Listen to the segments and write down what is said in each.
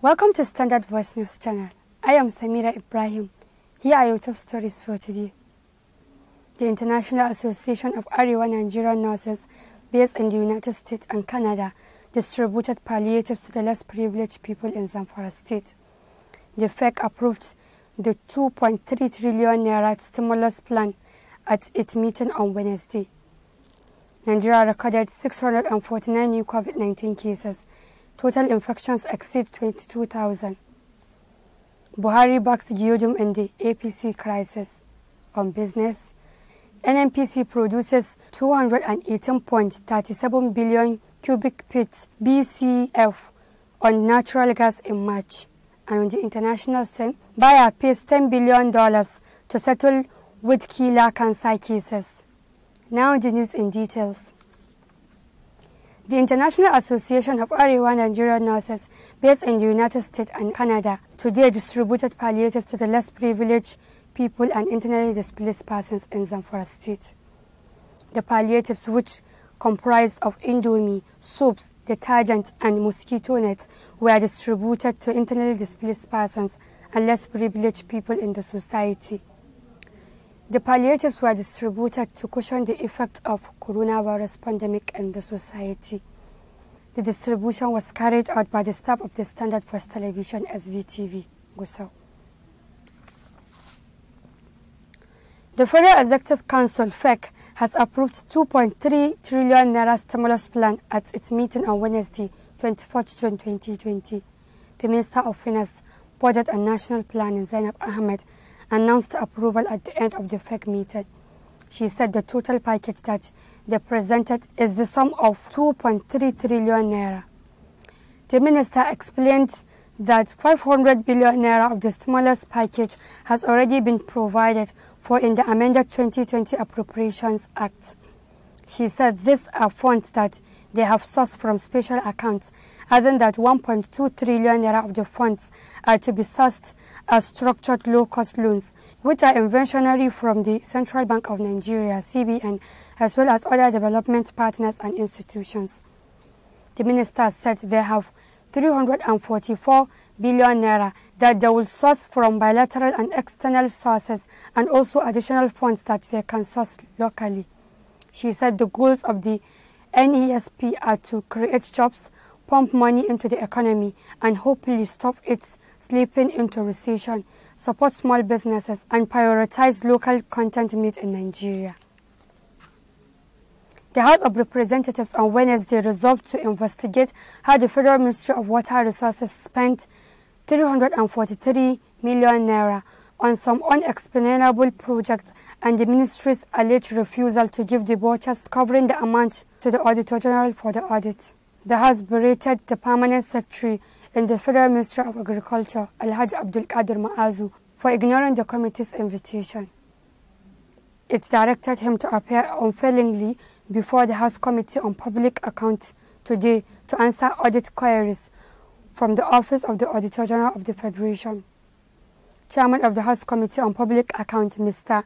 Welcome to Standard Voice News channel. I am Samira Ibrahim. Here are your top stories for today. The International Association of Ariwa Nigerian Nurses based in the United States and Canada distributed palliatives to the less privileged people in Zamfara state. The FEC approved the 2.3 trillion naira stimulus plan at its meeting on Wednesday. Nigeria recorded 649 new COVID-19 cases. Total infections exceed 22,000. Buhari backs Guillaume in the APC crisis. On business, NNPC produces 218.37 billion cubic feet BCF on natural gas in March. And on the international scene, Bayer pays $10 billion to settle with Kila cancer cases. Now the news in details. The International Association of Arewa Nigerian Nurses, based in the United States and Canada, today distributed palliatives to the less privileged people and internally displaced persons in Zamfara State. The palliatives, which comprised of indomie, soaps, detergents, and mosquito nets were distributed to internally displaced persons and less privileged people in the society. The palliatives were distributed to cushion the effect of coronavirus pandemic in the society. The distribution was carried out by the staff of the Standard First Television SVTV, Gusau. The Federal Executive Council, FEC, has approved 2.3 trillion naira stimulus plan at its meeting on Wednesday, 24 June 2020. The Minister of Finance, Budget and National Planning, Zainab Ahmed, announced approval at the end of the FEC meeting. She said the total package that they presented is the sum of 2.3 trillion naira. The minister explained that 500 billion naira of the stimulus package has already been provided for in the amended 2020 Appropriations Act. She said these are funds that they have sourced from special accounts, adding that 1.2 trillion naira of the funds are to be sourced as structured low-cost loans, which are inventionary from the Central Bank of Nigeria, CBN, as well as other development partners and institutions. The minister said they have 344 billion naira that they will source from bilateral and external sources and also additional funds that they can source locally. She said the goals of the NESP are to create jobs, pump money into the economy, and hopefully stop it slipping into recession, support small businesses, and prioritize local content made in Nigeria. The House of Representatives on Wednesday resolved to investigate how the Federal Ministry of Water Resources spent 343 million naira on some unexplainable projects and the ministry's alleged refusal to give the vouchers covering the amount to the Auditor General for the audit. The House berated the permanent secretary in the Federal Ministry of Agriculture, Alhaji Abdul Qadir Ma'azu, for ignoring the committee's invitation it directed him to appear unfailingly before the House Committee on Public Accounts today to answer audit queries from the Office of the Auditor General of the Federation. Chairman of the House Committee on Public Accounts, Mr.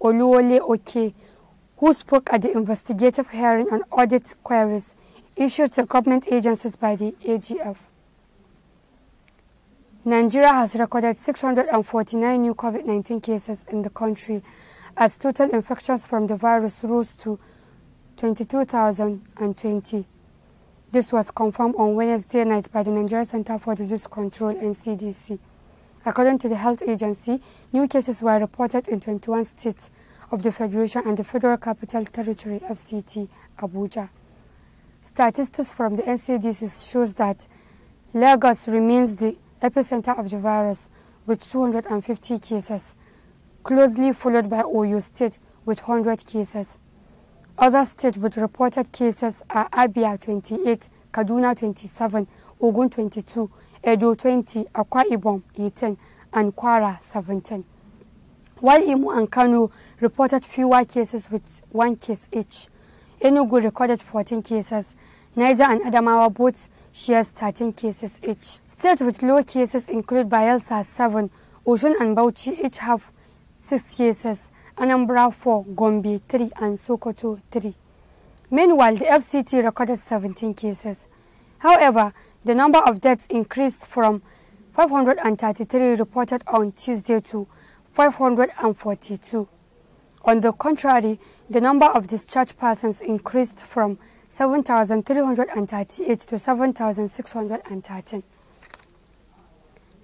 Oluwole Oke, who spoke at the investigative hearing on audit queries issued to government agencies by the AGF. Nigeria has recorded 649 new COVID-19 cases in the country as total infections from the virus rose to 22,020. This was confirmed on Wednesday night by the Nigeria Center for Disease Control and CDC. According to the health agency, new cases were reported in 21 states of the Federation and the Federal Capital Territory FCT, Abuja. Statistics from the NCDC shows that Lagos remains the epicenter of the virus with 250 cases closely followed by Oyo State with 100 cases. Other states with reported cases are Abia 28, Kaduna 27, Ogun 22, Edo 20, Akwa Ibom 18, and Kwara 17. While Imo and Kano reported fewer cases with one case each, Enugu recorded 14 cases, Niger and Adamawa both shares 13 cases each. States with low cases include Bayelsa 7, Osun and Bauchi each have six cases, Anambra 4, Gombe 3, and Sokoto 3. Meanwhile, the FCT recorded 17 cases. However, the number of deaths increased from 533 reported on Tuesday to 542. On the contrary, the number of discharged persons increased from 7,338 to 7,613.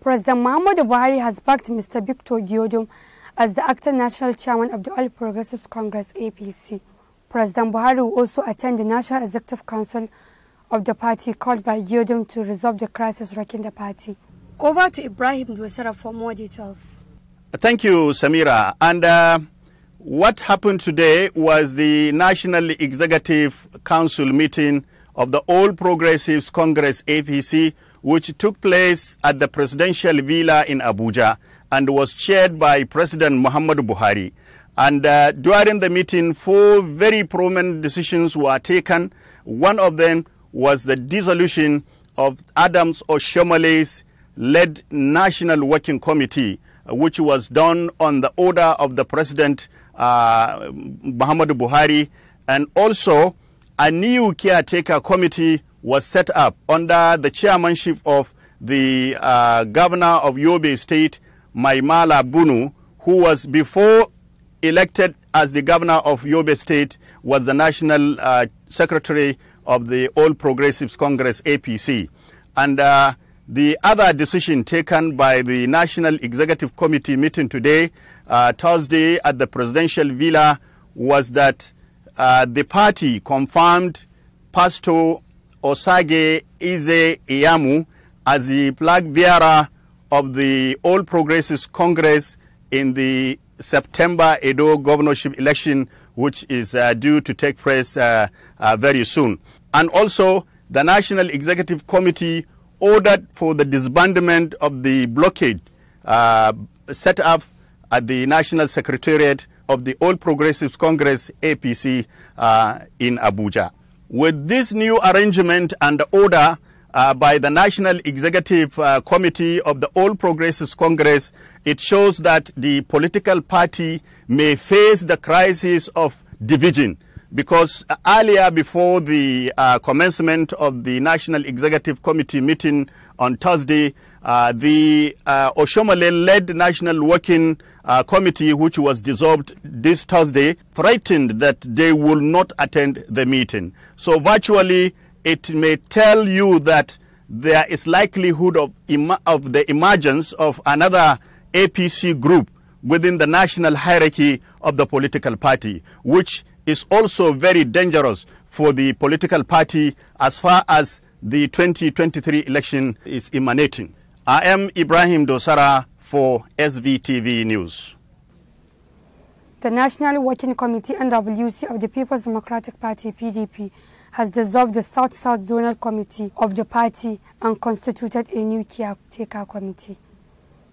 President Mahmoud Buhari has backed Mr. Victor Giodum as the acting national chairman of the All Progressives Congress APC, President Buhari will also attend the National Executive Council of the party called by Geodem to resolve the crisis rocking the party. Over to Ibrahim Dwesera for more details. Thank you, Samira. And uh, what happened today was the National Executive Council meeting of the All Progressives Congress APC, which took place at the Presidential Villa in Abuja and was chaired by President Muhammad Buhari. And uh, during the meeting, four very prominent decisions were taken. One of them was the dissolution of Adams Oshomole's led National Working Committee, which was done on the order of the President uh, Muhammad Buhari. And also, a new caretaker committee was set up under the chairmanship of the uh, governor of Yobe State, Maimala Bunu, who was before elected as the governor of Yobe State, was the national uh, secretary of the All Progressives Congress, APC. And uh, the other decision taken by the National Executive Committee meeting today, uh, Thursday at the presidential villa, was that uh, the party confirmed Pastor Osage Ize Iyamu as the flag bearer of the All Progressives Congress in the September Edo governorship election, which is uh, due to take place uh, uh, very soon. And also, the National Executive Committee ordered for the disbandment of the blockade uh, set up at the National Secretariat of the All Progressives Congress, APC, uh, in Abuja. With this new arrangement and order, uh, by the National Executive uh, Committee of the All Progressives Congress, it shows that the political party may face the crisis of division. Because earlier, before the uh, commencement of the National Executive Committee meeting on Thursday, uh, the uh, Oshomole-led National Working uh, Committee, which was dissolved this Thursday, threatened that they will not attend the meeting. So virtually, it may tell you that there is likelihood of, of the emergence of another APC group within the national hierarchy of the political party, which is also very dangerous for the political party as far as the 2023 election is emanating. I am Ibrahim Dosara for SVTV News. The National Working Committee NWC of the People's Democratic Party PDP has dissolved the South South Zonal Committee of the party and constituted a new caretaker committee.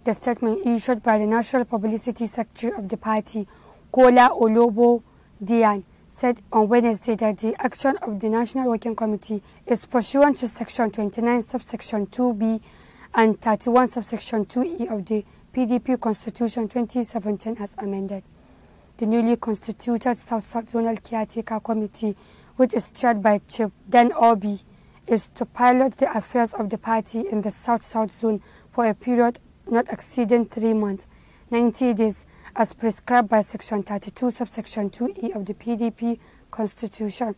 The statement issued by the National Publicity Secretary of the party, Kola Olobo Dian, said on Wednesday that the action of the National Working Committee is pursuant to Section 29, Subsection 2B and 31, Subsection 2E of the PDP Constitution 2017 as amended the newly constituted South, South Zonal Caretaker Committee, which is chaired by Chief Dan Obi, is to pilot the affairs of the party in the South South Zone for a period not exceeding three months, 90 days, as prescribed by Section 32, Subsection 2E of the PDP Constitution.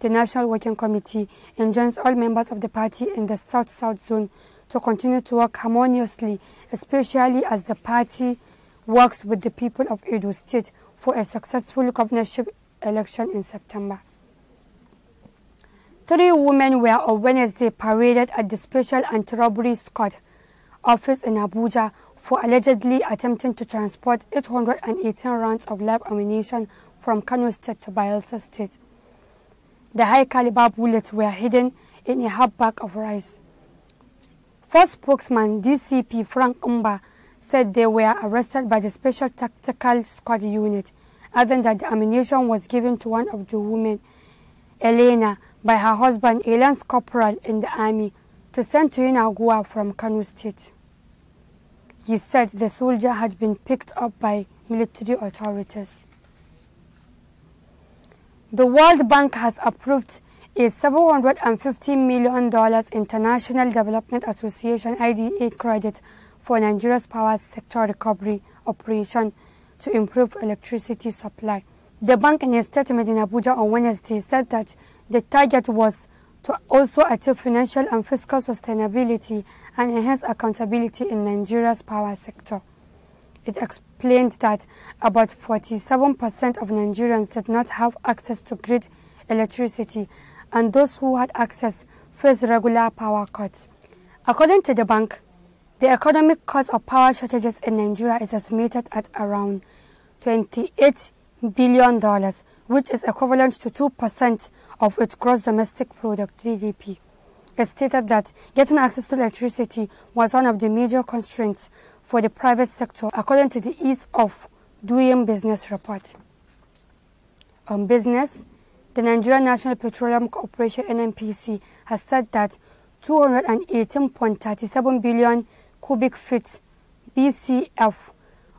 The National Working Committee enjoins all members of the party in the South South Zone to continue to work harmoniously, especially as the party works with the people of Edo State for a successful governorship election in September. Three women were on Wednesday paraded at the Special Anti-Robbery Squad office in Abuja for allegedly attempting to transport 818 rounds of live ammunition from Kano State to Bayelsa State. The high-caliber bullets were hidden in a half bag of rice. First spokesman DCP Frank Umba said they were arrested by the Special Tactical Squad Unit, adding that the ammunition was given to one of the women, Elena, by her husband, a lance corporal in the army, to send to Inagua from Kanu State. He said the soldier had been picked up by military authorities. The World Bank has approved a $750 million International Development Association IDA credit for Nigeria's power sector recovery operation to improve electricity supply. The bank in a statement in Abuja on Wednesday said that the target was to also achieve financial and fiscal sustainability and enhance accountability in Nigeria's power sector. It explained that about 47% of Nigerians did not have access to grid electricity and those who had access faced regular power cuts. According to the bank, the economic cost of power shortages in Nigeria is estimated at around $28 billion, which is equivalent to 2% of its gross domestic product, GDP. It stated that getting access to electricity was one of the major constraints for the private sector, according to the Ease of Doing Business report. On business, the Nigerian National Petroleum Corporation, NNPC, has said that 218.37 billion cubic feet BCF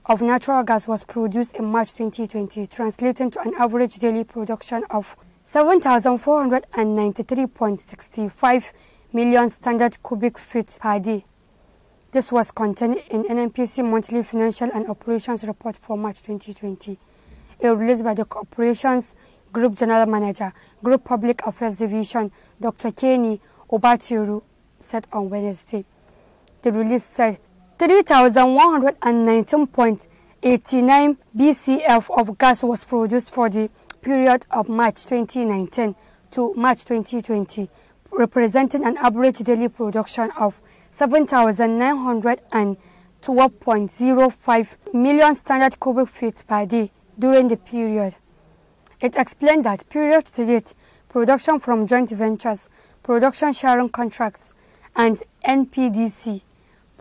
of natural gas was produced in March 2020, translating to an average daily production of 7,493.65 million standard cubic feet per day. This was contained in NMPC monthly financial and operations report for March 2020, a released by the corporation's Group General Manager, Group Public Affairs Division, Dr. Kenny Obatiru, said on Wednesday the release said 3,119.89 BCF of gas was produced for the period of March 2019 to March 2020, representing an average daily production of 7,912.05 million standard cubic feet per day during the period. It explained that period to date, production from joint ventures, production sharing contracts, and NPDC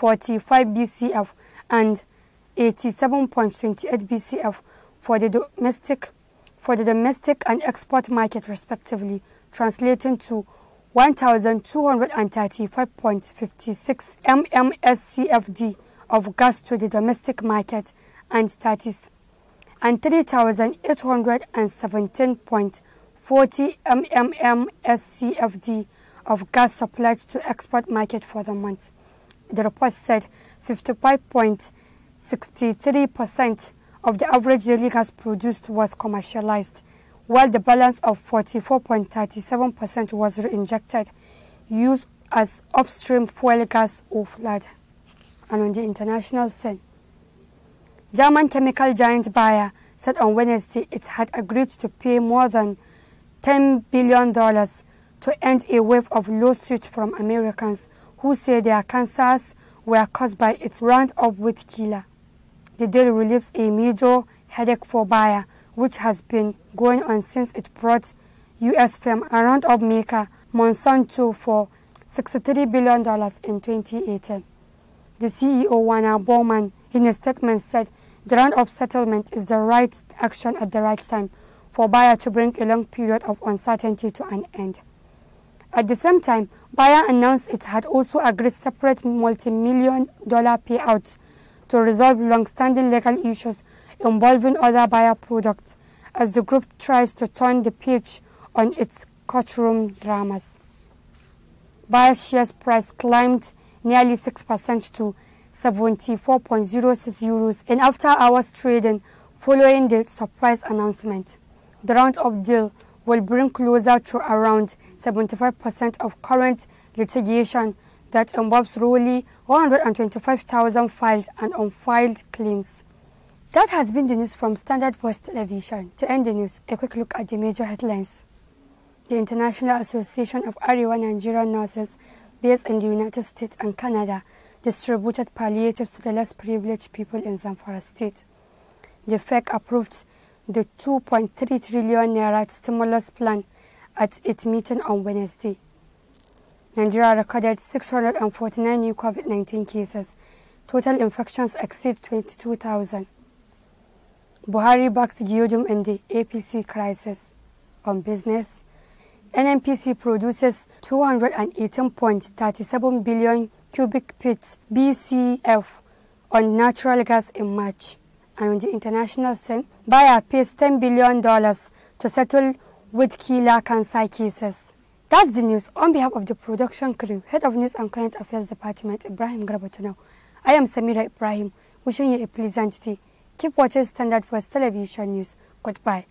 45 BCF and 87.28 BCF for the domestic for the domestic and export market respectively, translating to 1,235.56 mmscfd of gas to the domestic market and 30s and 3,817.40 mmscfd of gas supplied to export market for the month the report said 55.63% of the average daily gas produced was commercialized, while the balance of 44.37% was reinjected, used as upstream fuel gas or flood. And on the international scene, German chemical giant Bayer said on Wednesday it had agreed to pay more than $10 billion to end a wave of lawsuits from Americans who say their cancers were caused by its roundup weed killer. The deal relieves a major headache for buyer, which has been going on since it brought U.S. firm and roundup maker Monsanto for $63 billion in 2018. The CEO, Warner Bowman, in a statement said the roundup settlement is the right action at the right time for buyer to bring a long period of uncertainty to an end. At the same time, Bayer announced it had also agreed separate multi-million dollar payouts to resolve long-standing legal issues involving other Bayer products as the group tries to turn the page on its courtroom dramas. Bayer shares price climbed nearly 6% to 74.06 euros in after-hours trading following the surprise announcement. The round-up deal will bring closer to around 75% of current litigation that involves roughly 125,000 filed and unfiled claims. That has been the news from Standard Voice Television. To end the news, a quick look at the major headlines. The International Association of Arewa Nigerian Nurses, based in the United States and Canada, distributed palliatives to the less privileged people in Zamfara State. The FEC approved the 2.3 trillion naira stimulus plan at its meeting on Wednesday. Nigeria recorded 649 new COVID-19 cases. Total infections exceed 22,000. Buhari backs Gideon in the APC crisis. On business, NNPC produces 218.37 billion cubic feet BCF on natural gas in March and on the international scene, Bayer pays $10 billion to settle with killer cancer cases. That's the news. On behalf of the production crew, Head of News and Current Affairs Department, Ibrahim Grabotunau, I am Samira Ibrahim, wishing you a pleasant day. Keep watching Standard First Television News. Goodbye.